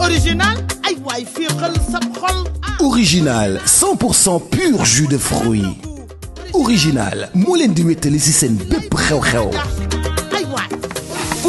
original ay waay féexal sa pur jus de fruits original moo leen di wéttali ci seen bépp xew-xew.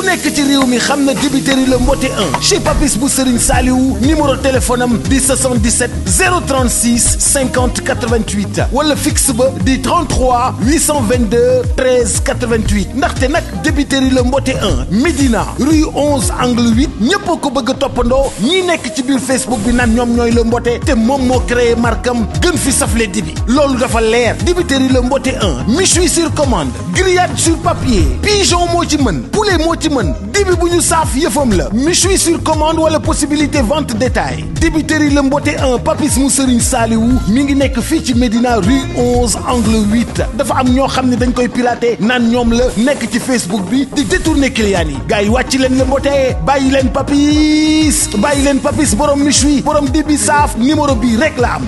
ku nekk ci réew mi xam na débiteri le mbote 1 chez Papis bu Serigne Saliou numéro téléphone am di 77 036 50 88 wala fixe ba di 33 822 13 88 ndaxte nag débiteri le mbote 1 Médina rue 11 angle 8 ñëpp a ko bëgg a toppandoo ñi nekk ci biir Facebook bi naan ñoom ñooy le mbote te moom moo créé markam gën fi safle dibi loolu dafa leer débiteri le mbote 1 méchoui sur commande grillade sur papier pigeon moo ci mën poulet moo ci mën dibi bu ñu saaf yëfam la méchoui sur commande wala possibilité vente détail débiteurs yi la mbote un papis mu sëriñ saaliwu mi ngi nekk fii ci Médina rue 11 angle 8 dafa am ñoo xam ne dañ koy piraté naan ñoom la nekk ci Facebook bi di détourner clients yi gars wàcc leen la mbote bàyyi leen papis bàyyi leen papis borom méchoui borom dibi saaf numéro bi rek la am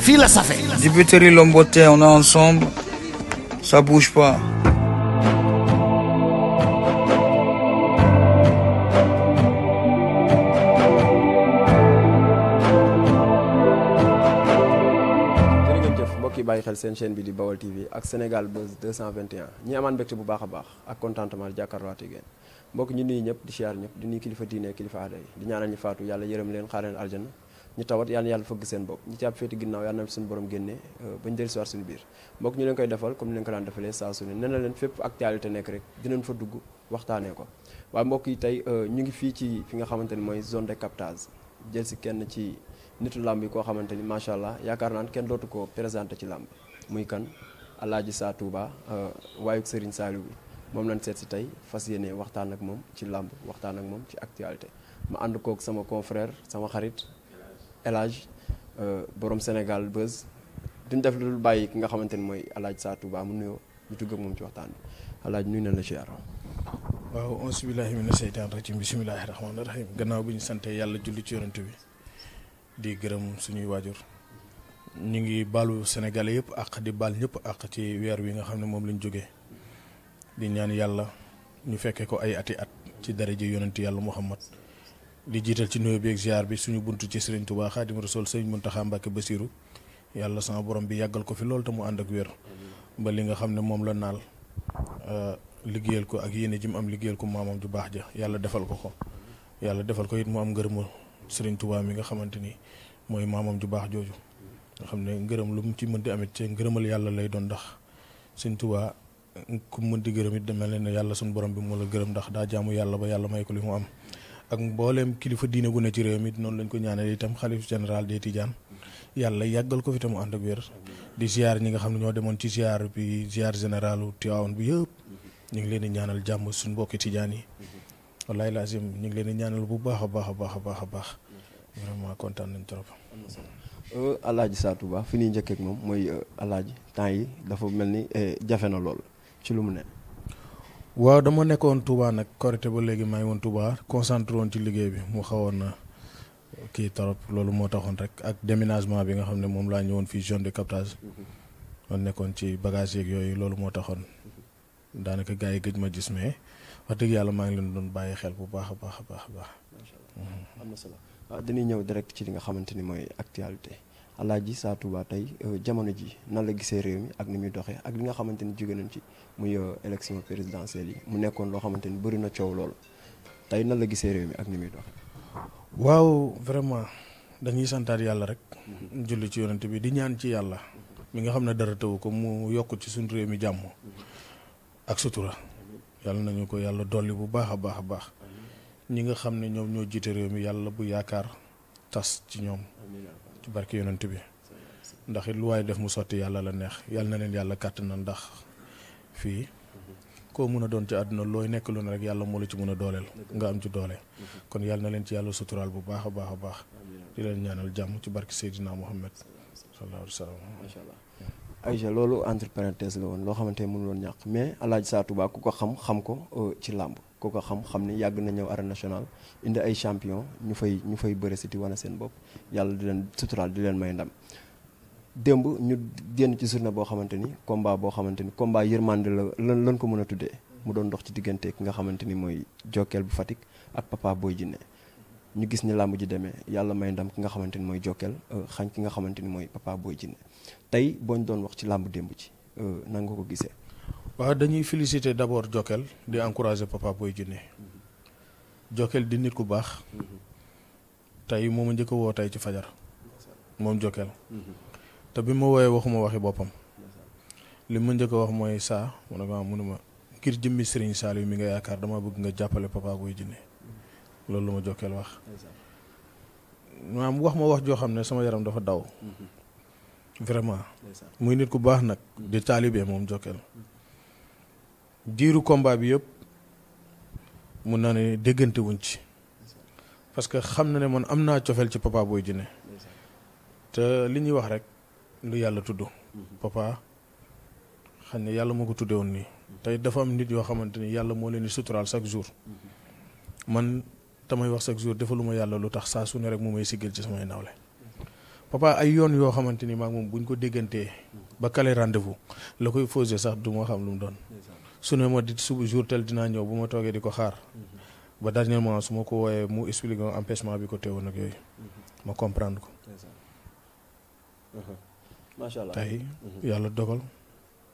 fii la safe terre, on est ensemble, ça bouge pas. bàyyi xel seen chaîne bi di Baol TV ak Sénégal Buzz 221 ñi amaan mbégte bu baax a baax ak contentement jàkkaarloowaat yi ngeen mbokk ñu nuyu ñëpp di siyaar ñëpp di nuyu kilifa diine kilifa aada yi di ñaanal ñu faatu yàlla yërëm leen xaar leen aljana ñu tawat yàlla na yàlla fëgg seen bopp ñi ci ab féeti ginnaaw yàlla na suñu borom génne euh, bañ dellusiwaat suñu biir mbokk ñu leen koy defal comme ni leen ko daan defalee saa su ne nee na leen fépp actualité nekk rek dinañ fa dugg waxtaanee ko waaye mbokk yi tey euh, ñu ngi fii ci fi nga xamante ni mooy zone de captage jël si kenn ci nitu làmb yi koo xamante ni macha allah yaakaar naan kenn dootu ko présenté ci làmb muy kan alaaji Sa Touba euh, waayu Serigne Saliou bi moom lañ seet si tey fas yéene waxtaan ak moom ci làmb waxtaan ak moom ci actualité ma ànd kook sama confrère sama xarit El euh, boroom senegal Sénégal Buzz duñ def lu bàyyi ki nga xamante ni mooy El Hadj Sa mu mu nuyoo ñu tugg moom ci waxtaan bi El Hadj nuyu na la ziar. waaw auzu billaahi mina seytaani rajiim bismillaahi rahmaani rahiim gannaaw bi ñu sante yàlla julli ci yonent bi di gërëm suñuy waajur. ñu ngi baalu Sénégalais yëpp àq di baal ñëpp àq ci weer wi nga xam ne moom lañu jógee di ñaan yàlla ñu fekkee ko ay ati at ci daraja yonent yàlla Muhammad di jiital ci nuyu bi ak ziar bi suñu buntu ci Serigne Touba Xaadimu Rasuul Serigne Mountakha Mbacké Bassirou yàlla sama borom bi yàggal ko fi loolu te mu ànd ak wér ba li nga xam ne moom la naal euh, liggéeyal ko ak yéene ji mu am liggéeyal ko maamam ju baax ja yàlla defal ko ko yàlla defal ko it mu am ngërëmu sëriñ Touba mi nga xamante ni mooy maamam ju baax jooju nga xam ne ngërëm lu mu ci mën di amit ci ngërëmal yàlla lay doon ndax Serigne Touba ku mën di gërëm it demel ne yàlla suñu borom bi moo la gërëm ndax daa jaamu yàlla ba yàlla ko li mu am ak mbooleem kilifa diine gu ne ci réew mi noonu lañ ko ñaanal itam xalif général des Tidiane yàlla yàggal ko fi tam ànd di ziar ñi nga xam ne ñoo demoon ci ziar bi ziar généralu Tivaouane bi yëpp ñu ngi leen di ñaanal jàmm suñu mbokki Tidiane yi wallaay laasim ñu ngi leen di ñaanal bu baax a baax a baax a baax a baax vraiment kontaan nañ trop. Euh, alaaji Satou Ba fi ñuy njëkkee ak moom mooy euh, alaaji temps yi dafa mel ni eh, jafe na lool ci lu mu ne. waaw dama nekkoon Touba nag Korité ba léegi maa ngi woon Touba concentré woon ci liggéey bi mu xawoon na kii trop loolu moo taxoon rek ak déménagement bi nga xam ne moom laa ñëwoon fii zone de captage mhm. ma nekkoon ci bagage yeeg yooyu loolu moo taxoon daanaka gars yi gëj ma gis mais wax dëgg yàlla maa ngi leen doon bàyyi xel bu baax a baax a baax a baax. Mhm. am na solo waaw ah, dañuy ñëw direct ci li nga xamante ni mooy actualité. ji Sa Touba tey euh, jamono ji nan la gisee réew mi ak ni muy doxee ak li nga xamante ni jóge ci muy euh, élection présidentielle yi mu nekkoon loo xamante ni bëri na coow lool tey nan la gisee réew mi ak ni muy doxee. waaw vraiment dañuy santaat yàlla rek. julli ci yonent bi di ñaan ci yàlla. mi nga xam ne dara taw ko mu yokk ci suñu réew mi jàmm. ak sutura. yàlla nañu ko yàlla dolli bu baax a baax a baax. ñi nga xam ne ñoom ñoo jiite réew mi yàlla bu yaakaar tas ci ñoom. ci barke yonent bi ndax it lu waaye def mu sotti yàlla la neex yàlla na leen yàlla kàttan na ndax fii koo mun a doon ci àdduna looy nekk lu ne rek yàlla moo la ci mun a dooleel nga am ci doole kon yàlla na leen ci yàlla suturaal bu baax a baax a baax di leen ñaanal jàmm ci barke Seydina Muhammad sallallahu alayhi wa sallam macha allah Aïcha loolu entre parenthèse woon loo xamante ne mënuloon ñàkk mais Alaaji Sa Touba ku ko xam xam ko euh, ci làmb ku ko xam xam ni yàgg na ñëw arène national indi ay champion ñu fay ñu fay bëre di wane seen bopp yàlla di leen suturaal di leen may ndam démb ñu génn ci journée boo xamante ni combat boo xamante ni combat yërmande la lan lan ko mën a tuddee mu doon dox ci diggante ki nga xamante ni mooy jokkeel bu Fatick ak Papa Boy Djiné ñu gis ni làmb ji demee yàlla may ndam ki nga xamante ni mooy jokkeel euh, xañ ki nga xamante ni mooy Papa Boy Djiné tey boo ñu doon wax ci làmb démb ci euh, nan nga ko gisee. waaw dañuy féliciter d'abord jokkeel di encourager Papa booy Djiné jokkeel di nit ku baax. Mm-hmm. tey moom ma njëkk woo tey ci fajar moom jokkeel mhm. te bi ma wooyee waxuma waxi boppam li ma njëkk wax mooy saa mu ne ma mu ne ngir jëmmi Serigne Saliou mi nga yaakaar dama bëgg nga jàppale Papa Boy Djiné mhm. loolu la ma jokkeel wax maam wax ma wax joo xam ne sama yaram dafa daw mhm. vraiment muy nit ku baax nag di taalibe moom jokkeel diiru combat bi yëpp mun naa ne déggante wuñ ci parce que xam na ne man am naa cofeel ci Papa Boy Djiné te li ñuy wax rek lu yàlla tudd papa xam ne yàlla moo ko tudde woon nii tey dafa am nit yoo xamante ni yàlla moo leen di suturaal chaque jour man tamay wax chaque jour ma yàlla lu tax saa su ne rek mu may siggal ci samay nawle papa ay yoon yoo xamante ni maag moom buñ ko déggantee ba kale rendez-vous la koy fausé sax du ma xam lu mu doon su ne ma di suba jour tel dinaa ñëw bu ma toogee di ko xaar mhm. ba dernièrement su ma ko wooyee mu expliqué empêchement bi ko teewoon ak yooyu ma comprendre ko uh-huh. macha allah tey uh-huh. yàlla dogal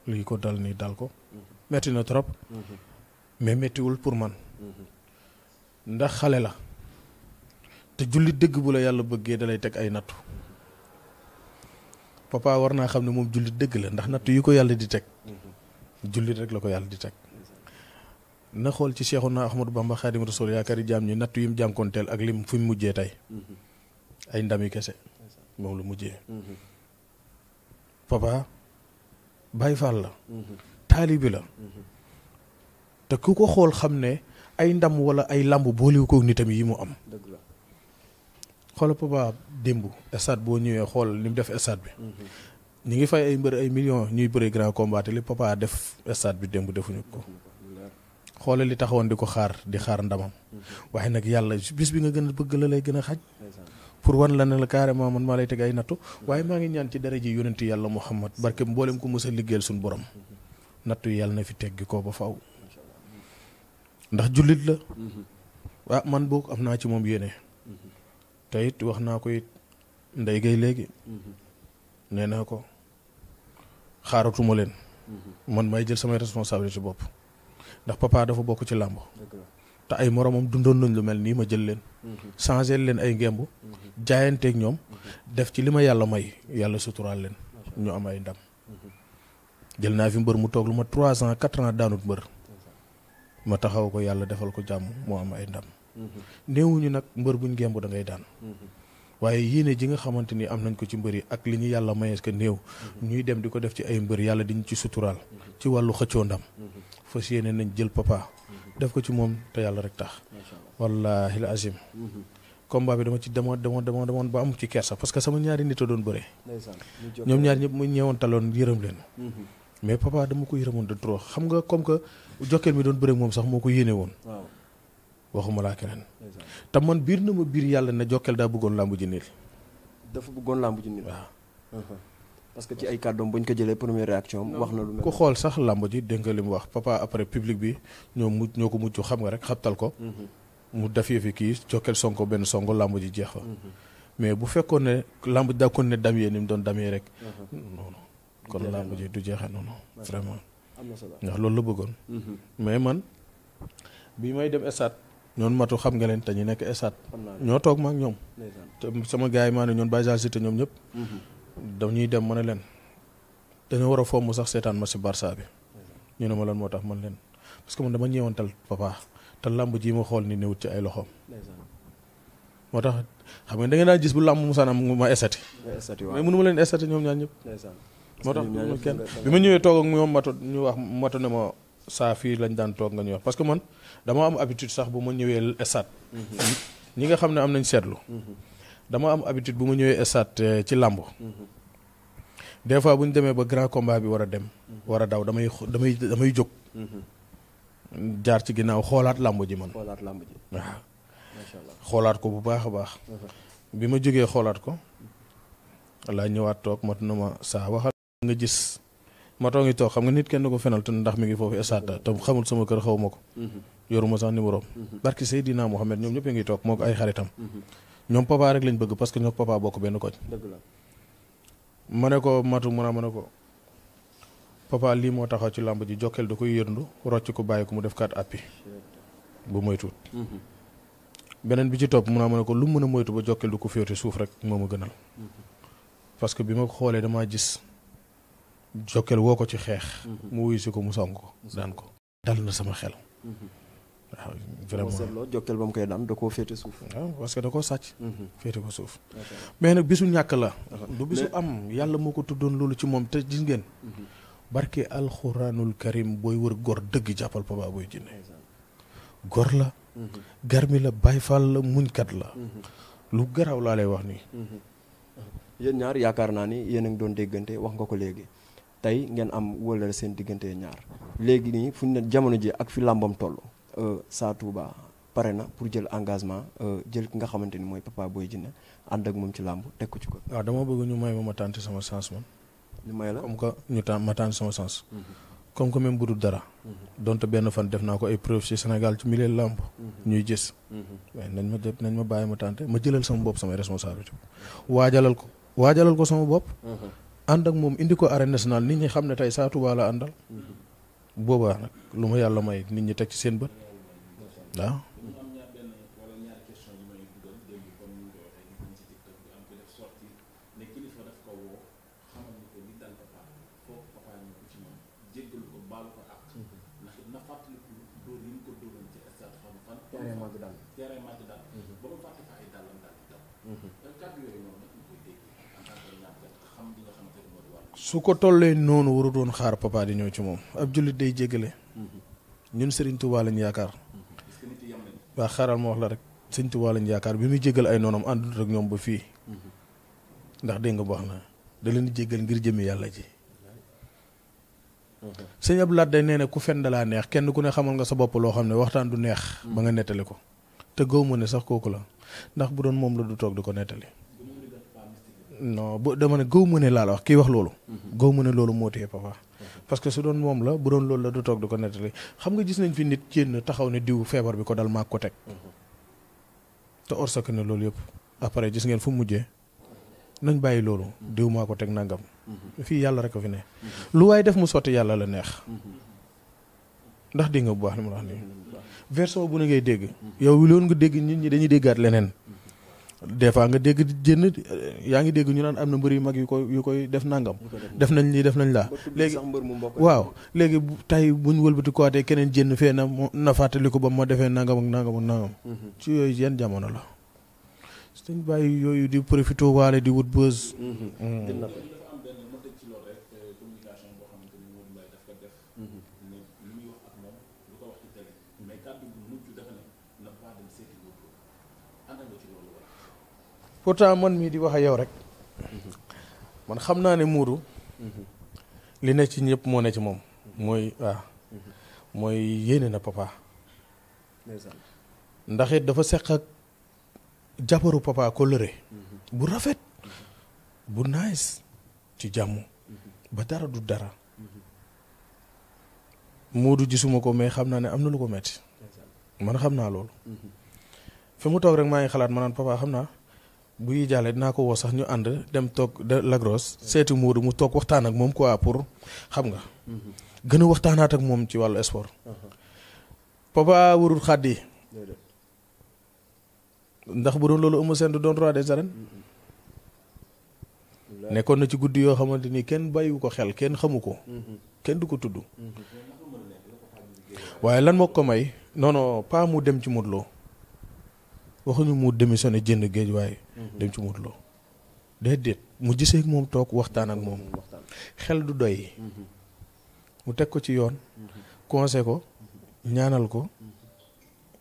lii ko dal nii dal ko uh-huh. metti na trop mais méttiwul pour man ndax xale la te julli dëgg bu la yàlla bëggee dalay teg ay nattu papa war naa xam ne moom julli dëgg la ndax nattu yi ko yàlla di teg julli rek la ko yàlla di teg na xool ci Seexuna Ahmadu Bamba Xaadim Rasuul yaakaari jaam ñi nattu yi mu jànkoonteel ak lim fu mu mujjee tey mm-hmm. ay ndam yi kese moom lu mujjee mm-hmm. papa Baay Faal la mm-hmm. taalibi la te ku ko xool xam ne ay ndam wala ay làmb booliwu ko nitam yi mu am xoola papa démb stade boo ñëwee xool li mu def stade bi ñu ngi fay ay mbër ay million ñuy bëre grand combat li papa def stade bi démb defuñu ko xoolal li taxawoon di ko xaar di xaar ndamam mm-hmm. waaye nag yàlla bis bi nga gën a bëgg la lay gën a xaj pour wan la ne la carrément man maa lay teg ay nattu mm-hmm. waaye maa ngi ñaan ci dara ji yonenti yàlla Muhammad barke mboolem ko mos a liggéeyal suñu borom mm-hmm. nattu yi yàlla na fi teggi ko ba faw ndax jullit la ah man boog am naa ci moom yéene te it wax naa ko yit ndey gay léegi nee naa ko xaaratuma leen man may jël samay responsabilité bopp ndax papa dafa bokk ci làmb te ay moromam dundoon nañ lu mel nii ma jël leen mhm. changé leen ay ngemb mhm. jaayanteeg ñoom mhm. def ci li ma yàlla may yàlla suturaal leen ñu am ay ndam jël naa fi mbër mu toog lu ma trois ans quatre ans daanut mbër ma taxaw ko yàlla defal ko jàmm moo am ay ndam néewuñu nag mbër buñ ngemb da ngay daan waaye yéene ji nga xamante ni am nañ ko ci mbër yi ak li ñu yàlla mayees que néew ñuy dem di ko def ci ay mbër yàlla diñ ci suturaal ci wàllu xëccoo ndam fas yéene nañ jël papa. Mhm. def ko ci moom te yàlla rek tax. wallaahi la azim. Mhm. combat bi dama ci demoon demoon demoon demoon ba am ci ker parce que sama ñaari nit a doon bëree. ñoom ñaar ñëpp mu ñëwoon taloon yërëm leen. Mhm. mais papa dama ko yërëmoon de trop xam nga comme que jokkeel mi doon bëree moom sax moo ko yéene woon. waxuma laa keneen. te man biir na ma biir yàlla ne jokkeel daa bëggoon làmb ji niil. dafa bëggoon làmb ji niil waaw. parce que ci ay kàddoom bu ko jëlee première wax na lu mel. ku xool sax làmb ji dégg nga li mu wax papa après public bi ñoo mujj ñoo ko mujj xam nga rek xabtal ko. Mhm. mu dafee fi kii jokkeel sonko benn sonko làmb ji jeex fa. Mhm. mais bu fekkoon ne làmb ji daa kon ne damyee ni mu doon damyee rek. Mhm. non non kon làmb ji du jeexee noonu. vraiment am na solo ndax loolu la bëggoon. mais man bi may dem stade. ñoon matu xam nga leen te ñu nekk stade. ñoo toog ma ñoom. te sama gars yi maa ne ñoon bàyyi ñoom ñëpp. dañuy dem ma ne leen dañoo war a fomm sax seetaan ma si Barça bi ñu ne ma lan moo tax man leen parce que man dama ñëwantal papa te làmb ji ma xool ni newut ci ay loxoom. moo tax xam nga da ngeen daan gis bu làmb musaana ma esati. mais mënu ma leen esati ñoom ñaar ñëpp. moo tax bi ma ñëwee toog ak ñoom ñu wax matu ne ma saa fii lañ daan toog nga ñu wax parce que man dama am habitude sax bu ma ñëwee esat mhm. ñi nga xam ne am nañ seetlu. Mhm. dama am habitude bu ma ñëwee stade euh, ci làmb mm-hmm. des fois bu ñu demee ba grand combat bi war a dem mm-hmm. war a daw damay damay damay jóg mm-hmm. jaar ci ginnaaw xoolaat làmb ji man xoolaat làmb ji waaw xoolaat ko bu baax a baax bi ma jógee xoolaat ko laa ñëwaat toog mat na ma saa waxal nga gis matoo ngi toog xam nga nit kenn ko fenal te ndax mi ngi foofu estade te xamul sama kër xaw ma ko yoruma sax numéro barki Seydina Mohamed ñoom ñëpp ngi toog moo ko ay xaritam ñoom papa rek lañ bëgg parce que ñoom papa bokk benn koñ. dëgg la ma ne ko matu mun a ma ne ko papa lii moo taxaw ci làmb ji jokkeel da koy yërndu rocc ko bàyyi ko mu def kat appi bu moytuwut. Mhm. beneen bi ci topp mun a ma ne ko lu mu mën a moytu ba jokkeel du ko féete suuf rek moo ma gënal. Mhm. parce que bi ma xoolee damaa gis jokkeel woo ko ci xeex. Mhm. mu wuyu ko mu song ko daan ko. dal na sama xel. waaw ah, vraiment seetloo jokkeel ba mu koy daan da koo féete suuf. waaw ah, parce que da koo sàcc. Mhm. féete ko suuf. mais nag bisu ñàkk la. du bisu am yàlla moo ko tuddoon loolu ci moom te gis ngeen. Mhm. barke alxuraanul karim booy wër gor dëgg jàppal Papa booy Djiné. gor la. Mhm. garmi la bayfal la muñkat la. lu garaaw laa lay wax nii. yéen ñaar yaakaar naa ni yéen a ngi doon déggante wax nga ko léegi tey ngeen am wóolal seen diggante ñaar léegi nii fu ne jamono ji ak fi làmbam toll. Euh, Sa Touba pare na pour jël engagement euh, jël ki nga xamante ni mooy Papa booy Djiné ànd ak moom ci làmb teg ko ci ko. waa dama bëgg ñu may ma ma tànn sama sens la comme que ñu tànn ma tànn sama mm-hmm. comme que bu dul dara. Mm-hmm. donte benn fan def naa ko ay preuve ci Sénégal ci milieu làmb. Mm-hmm. ñuy gis. mais nañ ma def nañ ma bàyyi ma tànte ma jëlal sama bopp samay responsabilité waajalal ko waajalal ko sama bopp. ànd ak moom indi ko arène nationale nit ñi xam ne tey Sa Touba la àndal. boobaa nag lu ma yàlla may nit ñi teg ci seen bët. waaw. su ko tollee noonu waru doon xaar papa di ci moom ab jullit day jéggale mhm. ñun Serigne Touba yaakaar waa xaral ma wax la rek sëñ Tuubaa lañ yaakaar bi muy jégal ay noonam àndul rek ñoom ba fii mm-hmm. ndax dégg nga baax na da leen di jégal ngir jëmmi yàlla ji mm-hmm. sëñ Abdou Lahad day nee ne ku fenn dalaa neex kenn ku ne xamal nga sa bopp loo xam ne waxtaan du neex ba nga mm-hmm. nettali ko te gëw ma ne sax kooku la ndax bu doon moom la du toog di ko nettali non bu dama ne gëw ma ne laa la wax kii wax loolu gëw ma ne loolu moo téye papa parce que su doon moom la bu doon loolu la du toog du ko nettali xam nga gis nañ fi nit génn taxaw ne diw feebar bi ko dal maa ko teg te or ne loolu yëpp après gis ngeen fu mu mujjee nañ bàyyi loolu diw maa ko teg nangam fii yàlla rek a fi ne lu waaye def mu sotti yàlla la neex ndax dégg nga bu baax li ma ne ngay dégg yow loolu nga dégg nit dañuy déggaat leneen des fois nga dégg jënn yaa ngi dégg ñu naan am na mbër yu mag yu koy yu koy def nangam. def nañ lii def nañ laa. léegi waaw léegi tey bu ñu wëlbati ko waatee keneen jënn fee na na fàttali ko ba mu ma defee nangam ak nangam ak nangam. Mhm. ci yooyu yenn jamono la. yooyu di profité waale di wut pourtant man mii di wax ak yow rek man xam naa ne Moodu li nekk ci ñëpp moo ne ci moom mooy mooy yéene na papa ndax it dafa seq ak jabaru papa kóllëre bu rafet bu nice ci jàmm ba dara du dara Moodu gisuma ko may xam naa ne am na lu ko metti man xam naa loolu fi mu toog rek maa ngi xalaat ma naan papa xam naa bu ñuy jàllee dinaa ko woo sax ñu ànd dem toog de Lagros seeti Moodu mu toog waxtaan ak moom quoi pour xam nga. gën a waxtaanaat ak moom ci wàllu sport. papa warul xaddi. ndax bu doon loolu Eumeu Sène du doon roi des arènes. nekkoon na ci guddi yoo xamante ni kenn bàyyiwu ko xel kenn xamu ko. kenn du ko tudd. waaye lan moo ko may non non mu dem ci Modou Lo waxuñu mu démissionné jënd géej waaye. Mhm. dem ci Modou Lo déedéet mu gisee moom toog waxtaan ak moom xel du doy. Mhm. mu teg ko ci yoon. Mhm. conseil ko ñaanal ko.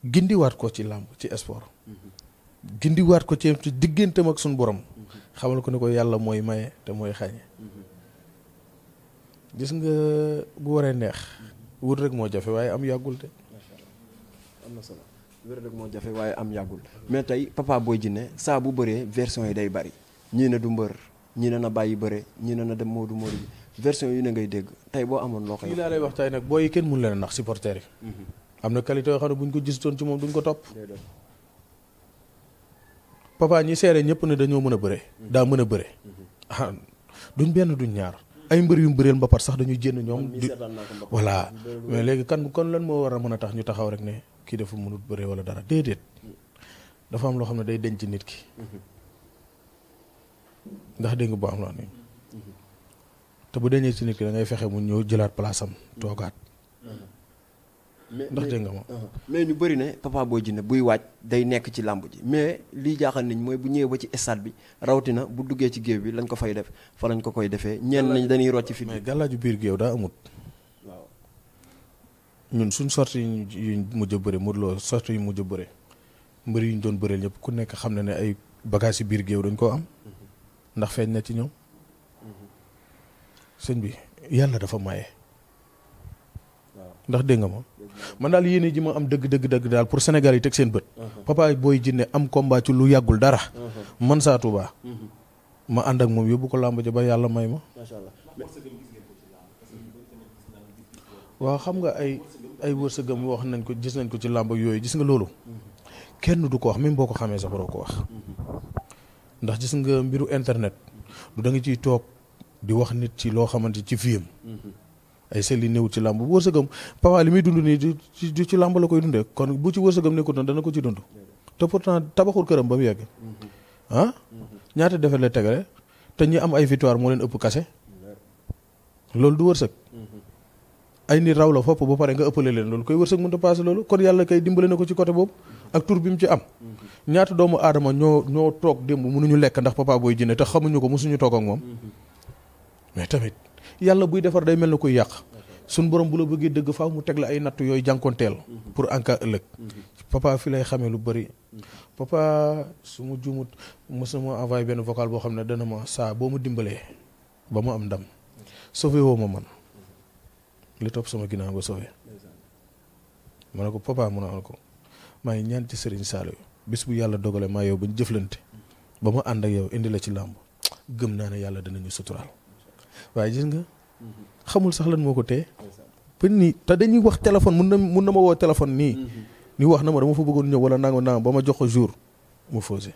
gindiwaat ko ci làmb ci sport. gindiwaat ko ci digganteem ak suñu borom. xamal ko ne ko yàlla mooy maye te mooy xañe. gis nga bu waree neex wut rek moo jafe waaye am yàggul te na solo wér rek moo jafe waaye am yàggul mais tey Papa Boy Djiné saa bu bëree version yi day bari ñii ne du mbër ñii ne na bàyyi bëre ñii ne na dem Modou moo bi version yi ne ngay dégg tey boo amoon loo koy lii lay wax tey nag booy kenn mënu leen a nax supporter yi mhm. am na qualité yoo xam ne bu ñu ko gisutoon ci moom duñ ko topp papa ñi seere ñëpp ne dañoo mën a bëre mhm. daa mën a bëre mhm. ah, duñ benn duñ ñaar ay mbër yu mbëreel mba sax dañuy jénn ñoom di voilà mais léegi kan kon lan moo war a mën a tax ñu taxaw rek ne kii dafa mënut bëre wala dara déedéet dafa am loo xam ne day ci nit ki ndax dégg nga bu am loo ni te bu deñee ci nit ki da ngay fexe mu ñëw jëlaat place am toogaat ndax dégg nga ma uh-huh. mais ñu bari ne Papa Boy Djiné buy waaj day nekk ci làmb ji mais lii jaaxal nañ mooy bu ñëwee ba ci stade bi rawatina bu duggee ci géew bi lañ ko fay def fa lañ ko koy defee ñenn nañ dañuy ci fi mais gàllaaju biir géew daa amut ñun suñ sorti yuñ mujj a bëre Modou Lo sorti yu mujj a bëre mbër yu yuñ doon bëreel ñëpp ku nekk xam na ne ay bagages yu biir géew dañ koo am ndax feeñ na ci ñëw sëñ bi yàlla dafa maye. ndax dégg nga ma man daal yéene ji ma am dëgg dëgg dëgg daal pour Sénégal yi teg seen bët. papa booy jinne am combat ci lu yàggul dara. man saa Touba. ma ànd ak moom yóbbu ko làmb ja ba yàlla may ma. macha allah xam nga ay. ay wërsëgam wax nañ ko gis nañ ko ci làmb yooyu gis nga loolu kenn du ko wax même boo ko xamee sax waroo ko wax ndax gis nga mbiru internet du da ciy toog di wax nit ci loo xamante ci fiyam ay sel yi néew ci làmb wërsëgam papa li muy dund nii du ci làmb la koy dundee kon bu ci wërsëgam nekkul noonu dana ko ci dund te pourtant tabaxul këram ba mu yegg ah ñaata defet la tegale te ñi am ay victoire moo leen ëpp kase loolu du wërsëg ay nit raw la fopp ba pare nga ëppale leen loolu koy wërsëg mënut a paase loolu kon yàlla kay dimbale na ko ci côté boobu ak tur bi mu ci am ñaata doomu aadama ñoo ñoo toog démb mënuñu lekk ndax papa booy jinne te xamuñu ko mosuñu toog ak moom mais tamit yàlla buy defar day mel na koy yàq suñ borom bu la bëggee dëgg faaw mu teg la ay nattu yooyu jànkonteel pour en cas ëllëg papa lay xamee lu bëri papa su ma juumut mos na ma envoyé benn vocal boo xam ne dana ma saa boo ma dimbalee ba ma am ndam sauvé woo ma li topp sama ginnaaw nga soowee ma ne ko papa mun a ko maa ngi ñaan ci Serigne Saliou bis bu yàlla dogale maa yow ba ñu jëflante ba ma ànd ak yow indi la ci làmb gëm naa ne yàlla dinañu suturaal waaye gis nga xamul sax lan moo ko tee ba nii te dañuy wax téléphone mun na mun na ma woo téléphone nii ni wax na ma dama fa bëggoon ñëw wala nangam nangam ba ma jox ko jour mu fausé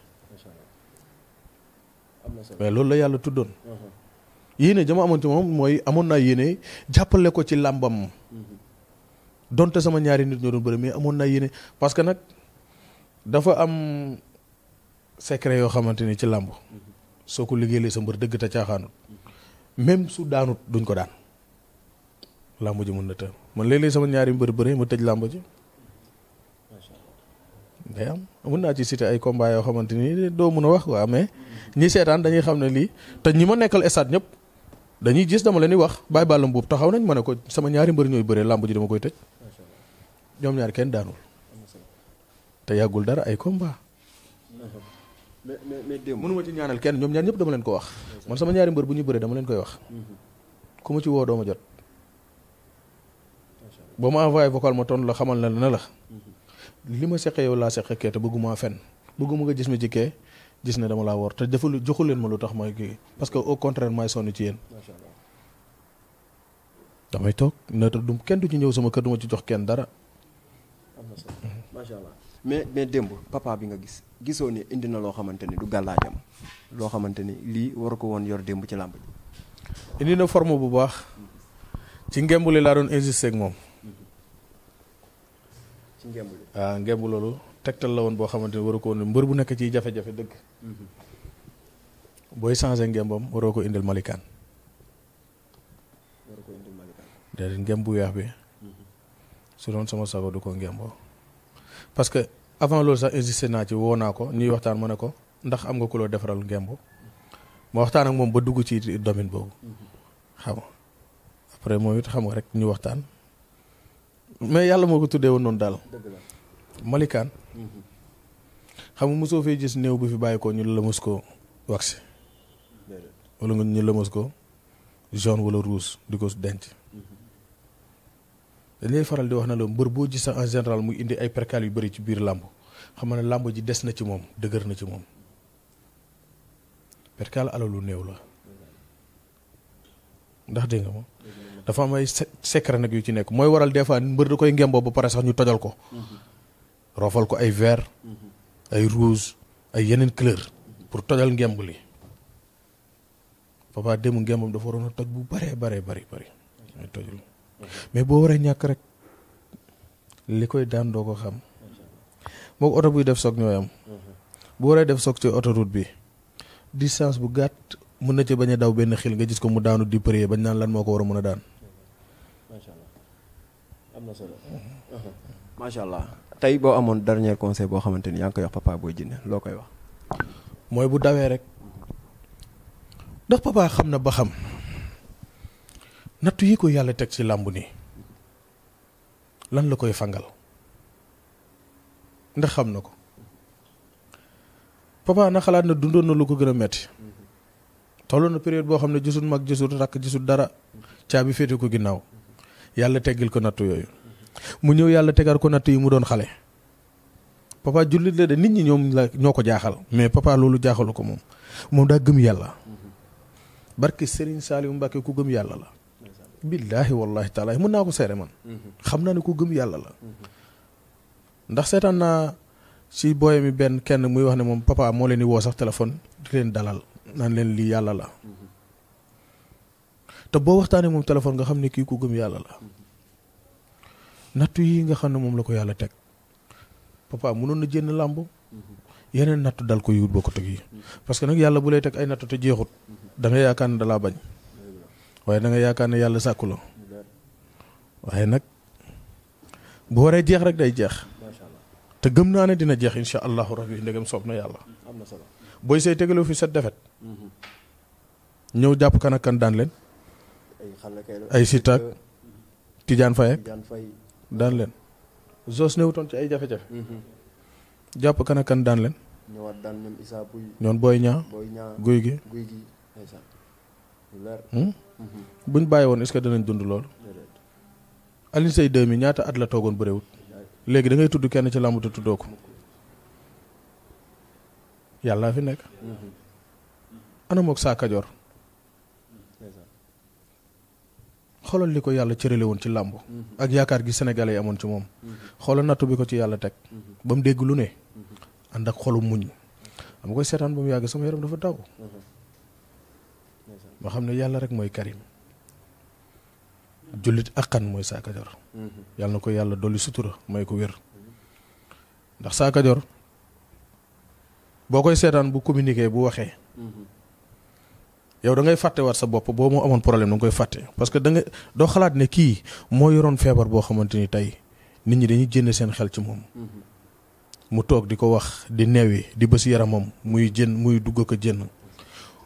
mais loolu la yàlla tuddoon uh-huh. yéene jama amoon moom mooy amoon naa yéene jàppale ko ci làmbam donte sama ñaari nit ñoo doon bëri mais amoon naa yéene parce que nag dafa am secret yoo xamante ni ci làmb soo ko liggéeyee sa mbër dëgg te caaxaanut même su daanut duñ ko daan làmb ji mun na tër man léeg-léeg sama ñaari mbër bëri ma tëj làmb ji day am mën naa ci citer ay combat yoo xamante ni doo mën a wax waa mais ñi seetaan dañuy xam ne lii te ñi ma nekkal stade ñëpp dañuy gis dama leen di wax baay bàllam boobu taxaw nañ ma ne ko sama ñaari mbër ñooy bëree làmb ji dama koy tëj ñoom ñaar kenn daanul yàggul dara ay combat mais mais démb mënuma ci ñaanal kenn ñoom ñaar ñëpp dama leen ko wax man sama ñaari mbër bu ñu bëree dama leen koy wax ku ma ci woo doo ma jot boo ma envoyé vocal ma ton la xamal na la la li ma seqe yow laa seq kee te bëgguma fen bëgguma nga gis ma jikkee gis ne dama laa war te defalu joxu leen ma lu tax may kii parce que au contraire maay sonn ci yéen. damay toog ne du kenn du ci ñëw sama kër du ci jox kenn dara. Mhm. macha allah mais mais démb papa bi nga gis gisoo ni indi na loo xamante ni du gàllaajam loo xamante ni lii war ko woon yor démb ci làmb ji. indi na forme bu baax. ci ngemb li laa doon insister moom. Mhm. ci ah, ngemb li waaw loolu. tegtal la woon boo xamante ne waru koo woon mbër bu nekk ci jafe-jafe dëgg booy changé ngembam waroo ko indil malikaan waroo ko indil bu weex bi su doon sama sago du ko ngemboo parce que avant loolu sax insisté naa ci woo naa ko ñuy waxtaan ma ne ko ndax am nga ku defaral ngemb ma waxtaan ak moom ba dugg ci domaine boobu xam nga après moom it xam nga rek ñu waxtaan mais yàlla moo ko tuddee woon noonu daal malikaan xam nga mosoo fee gis néew bu fi bàyyi ko ñu lëmës ko wax wala nga ñu lëmës ko jaune wala rouge di ko denc dañ faral di wax na la mbër boo gis sax en général muy indi ay percal yu bari ci biir làmb xam ne làmb ji des na ci moom dëgër na ci moom percal alalu néew la ndax dégg nga moom dafa am ay secret nag yu ci nekk mooy waral des fois mbër da koy ngemboo ba pare sax ñu tojal ko roofal ko ay ver ay rouge ay yeneen couleur pour tojal ngemb li papa démb ngembam dafa waroon a toj bu bëree bëree bari bëri mais boo waree ñàkk rek li koy daan doo ko xam moo oto buy def soog ñooyam bu waree def soog ci autoroute bi di distance bu gàtt mën na ci bañ a daw benn xil nga gis ko mu daanu di prier bañ naan lan moo ko war a mën a daan. allah am tey boo amoon dernier conseil boo xamante ni yaa ngi koy wax papa booy jinne loo koy wax. mooy bu dawee rek ndax papa xam na ba xam nattu yi ko yàlla teg ci làmb nii lan la koy fangal ndax xam na ko papa na xalaat na dundoon na lu ko gën a metti tolloon na période boo xam ne gisul mag gisul rakk gisul dara caabi féete ko ginnaaw yàlla teggil ko nattu yooyu. mu ñëw yàlla tegar ko natt yi mu doon xale papa jullit la de nit ñi ñoom la ñoo ko jaaxal mais papa loolu jaaxalu ko moom moom daa gëm yàlla barki sëriñ Saliou Mbacke ku gëm yàlla la billaahi wallaahi taalaahi ko seere man xam naa ne ku gëm yàlla la ndax seetaan naa si booye mi benn kenn muy wax ne moom papa moo leen di woo sax téléphone di leen dalal naan leen lii yàlla la mhm. te boo waxtaanee moom téléphone nga xam ne kii ku gëm yàlla la nattu yii nga xam ne moom la ko yàlla teg papa mënoon na jënd làmb yeneen nattu dal ko yiwut bokk teg yi parce que nag yàlla bu lay teg ay nattu te jeexut da yaakaar ne dalaa bañ waaye da nga yaakaar ne yàlla sàkku la waaye nag bu waree jeex rek day jeex te gëm naa ne dina jeex incha allahu rabbi ndegam soob na yàlla booy say tegaloo fi set defet ñëw jàpp kan ak kan daan leen ay sitaak tijaan faye daan leen Zos néewutoon ci ay jafe-jafe. Mhm. jàpp kan daan leen. ñëwaat daan ñoom Issa Pouy. ñoom Boy guy gi guy gi. bàyyi woon est-ce que dund loolu. Alioune Seye 2 mi ñaata at la toogoon bëriwut. léegi da ngay tudd kenn ci làmb te tuddoo ko. yàlla fi nekk. Mhm. anam ak saa kajoor xoolal li ko yàlla cërale woon ci làmb mm-hmm. ak yaakaar gi sénégalais yi amoon ci moom mm-hmm. xoolal nattu bi ko ci yàlla teg mm-hmm. ba mu dégg lu ne ànd ak xolu muñ xam koy seetaan ba mu yàgg sama yaram dafa daw ma xam ne yàlla rek mooy karim jullit akkan mooy saakajor yàlla na ko yàlla dolli sutura may ko wér ndax saakajor boo koy seetaan bu communiqué bu waxee yow da ngay fàtte waat sa bopp boo moo amoon problème da koy fàtte parce que da nga doo xalaat ne kii moo yoroon feebar boo xamante ni tey nit ñi dañuy jënd seen xel ci moom. Mm-hmm. mu toog di ko wax di neewi di bës yaramam muy jën muy dugg ko jën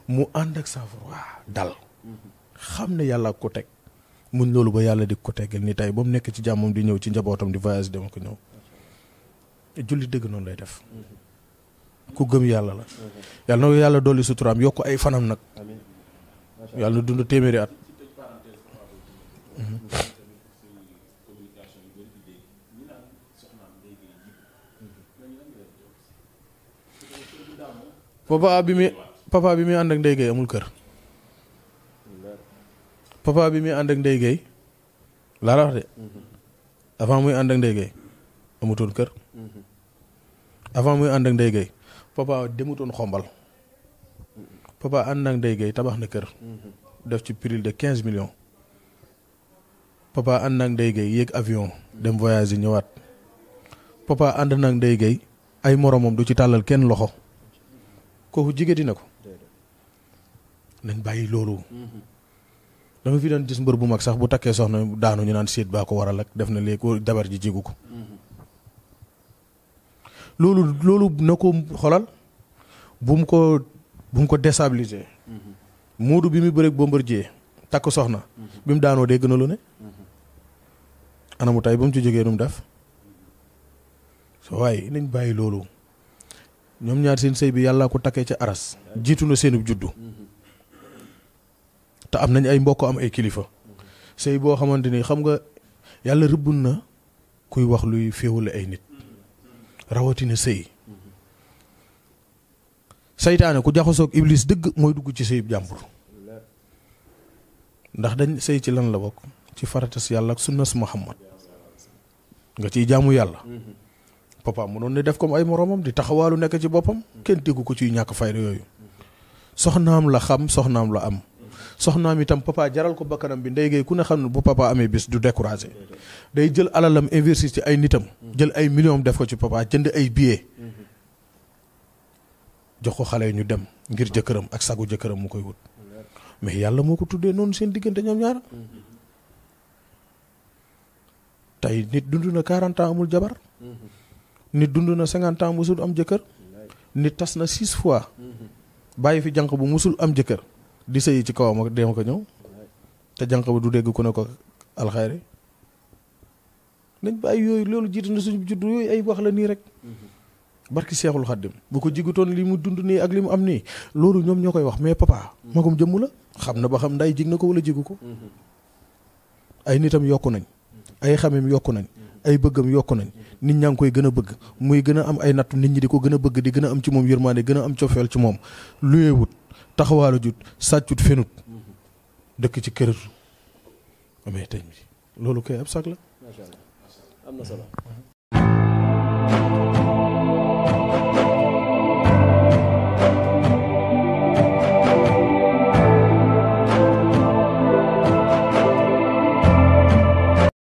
mu ànd ak sa waa dal. Mm-hmm. xam ne yàlla ko teg muñ loolu ba yàlla di ko teggal ni tey ba mu nekk ci jàmmam di ñëw ci njabootam di voyage dama ko ñëw. Mm-hmm. julli dëgg noonu lay def. ku gëm yàlla la yàlla na yàlla dolli suturaam yokk ay fanam nag yàlla na dund téeméeri at papa bi muy papa bi muy ànd ak Ndeye Gueye amul kër papa bi muy ànd ak Ndeye Gueye laa la de avant muy ànd ak Ndeye Gueye amutoon kër mm-hmm. avant muy ànd ak Ndeye Gueye papa demutoon xombal papa ànd ak Ndeye Gueye tabax na kër. def ci prix de quinze millions. papa ànd na ak Ndeye Gueye yéeg avion dem voyage ñëwaat papa ànd na ak Ndeye Gueye ay moromam du ci tàllal kenn loxo kooku jigéen dina ko nañ bàyyi loolu. dama fi doon gis mbër bu mag sax bu takkee soxna daanu ñu naan séet baa ko waral ak def na léegi ko dabar ji jigu ko. loolu loolu na ko xolal bu mu ko bum ko déstabiliser. Moodu bi mu bëreeg Bombardier takk soxna. bi mu daanoo dégg na lu ne. anamu tay ba ci jógee nu mu def. waaye nañ bàyyi loolu ñoom ñaar seen sëy bi yàlla ko takkee ca aras jiitu na seenub juddu te am nañ ay mbokk am ay kilifa sëy boo xamante ni xam nga yàlla rëbbun na kuy wax luy féewale ay nit rawatina sëy seytaane ku jaxasoog iblis dëgg mooy dugg ci sëyub jàmbur ndax dañ sëy ci lan la bokk ci faratas yàlla ak suma muhammad nga ciy jaamu yàlla papa mu noonu ne def comme ay moroomam di taxawaalu nekk ci boppam kenn déggu ko ciy ñàkk fayda yooyu soxnaam la xam soxnaam la am soxnaam itam papa jaral ko bakkanam bi ndey gay ku ne xam ne bu papa amee bis du découragé day jël alalam investir ci ay nitam jël ay millions def ko ci papa jënd ay billets jox ko xale yi ñu dem ngir jëkkëram ak sagu jëkkëram mu koy wut mais yàlla moo ko tuddee noonu seen diggante ñoom ñaar tey nit dund na 40 ans amul jabar nit dund na 50 ans musul am jëkkër nit tas na six fois bàyyi fi jànq bu musul am jëkkër di sëyi ci kawam ak dem ko ñëw te jànq ba du dégg ku ne ko alxayri nañ bàyyi yooyu loolu jiitu na suñu juddu yooyu ay wax la nii rek barki seexul xaddim bu ko jigutoon li mu dund nii ak li mu am nii loolu ñoom ñoo koy wax mais papa magum jëmm la xam na ba xam nday jig na ko walla jigu ko ay nitam yokku nañ ay xamem yokku nañ ay bëggam yokku nañ nit ñaa ngi koy gën a bëgg muy gën a am ay nattu nit ñi di ko gën a bëgg di gën a am ci moom yërmaande gën a am cofeel ci moom taxawaalu jut sàccut fenut dëkk ci këratu amee tey loolu kay ab sag la. am na solo.